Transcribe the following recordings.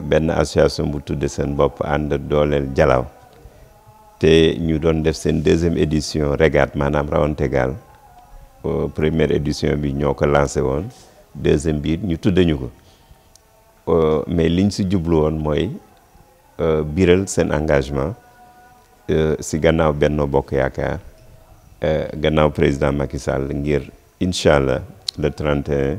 Ben association bu tudde de and do dooleel Jalaw te ñu doon def sen deuxième édition régate maanaam rawante la première édition bi ñoko lancé de deuxième bi ñu de ko mais liñ ci jublu c'est euh, biral sen engagement si euh, gannaaw Benno Bokk Yaakaar gannaaw président Macky Sall ngir inshallah le 31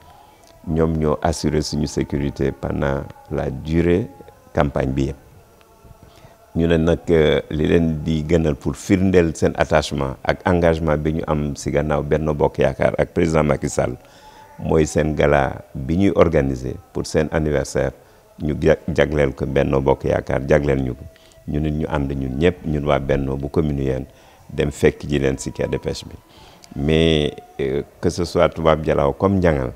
ñom ñoo assurer suñu sécurité pendant la durée campagne bi yëpp ñu ne nag euh, li len di gënal pour firndel sen attachement ak engagement bi ñu am ci gannaaw benn Bokk Yaakaar ak président Macky Sall mooy seen gala bi ñuy organiser pour seen anniversaire ñu jagleel ko benn Bokk Yaakaar jagleel ñu ko ñu nit ñu ànd ñun ñëpp ñun waa benn bu commune yeen dem fekk ji leen si quai de pêche bi mais euh, que ce soit Toubab jalaaw comme Njangal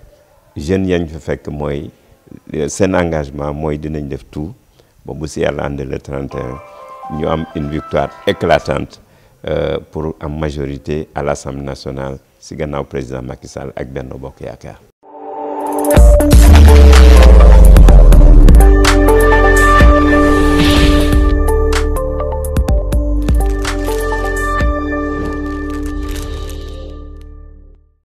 je yañ fa fekk euh, engagement moy dinañ def tout ba bu le 31 nous am une victoire éclatante euh, pour la majorité à l'Assemblée nationale si gannaaw président Macky Sall ak benn Bokk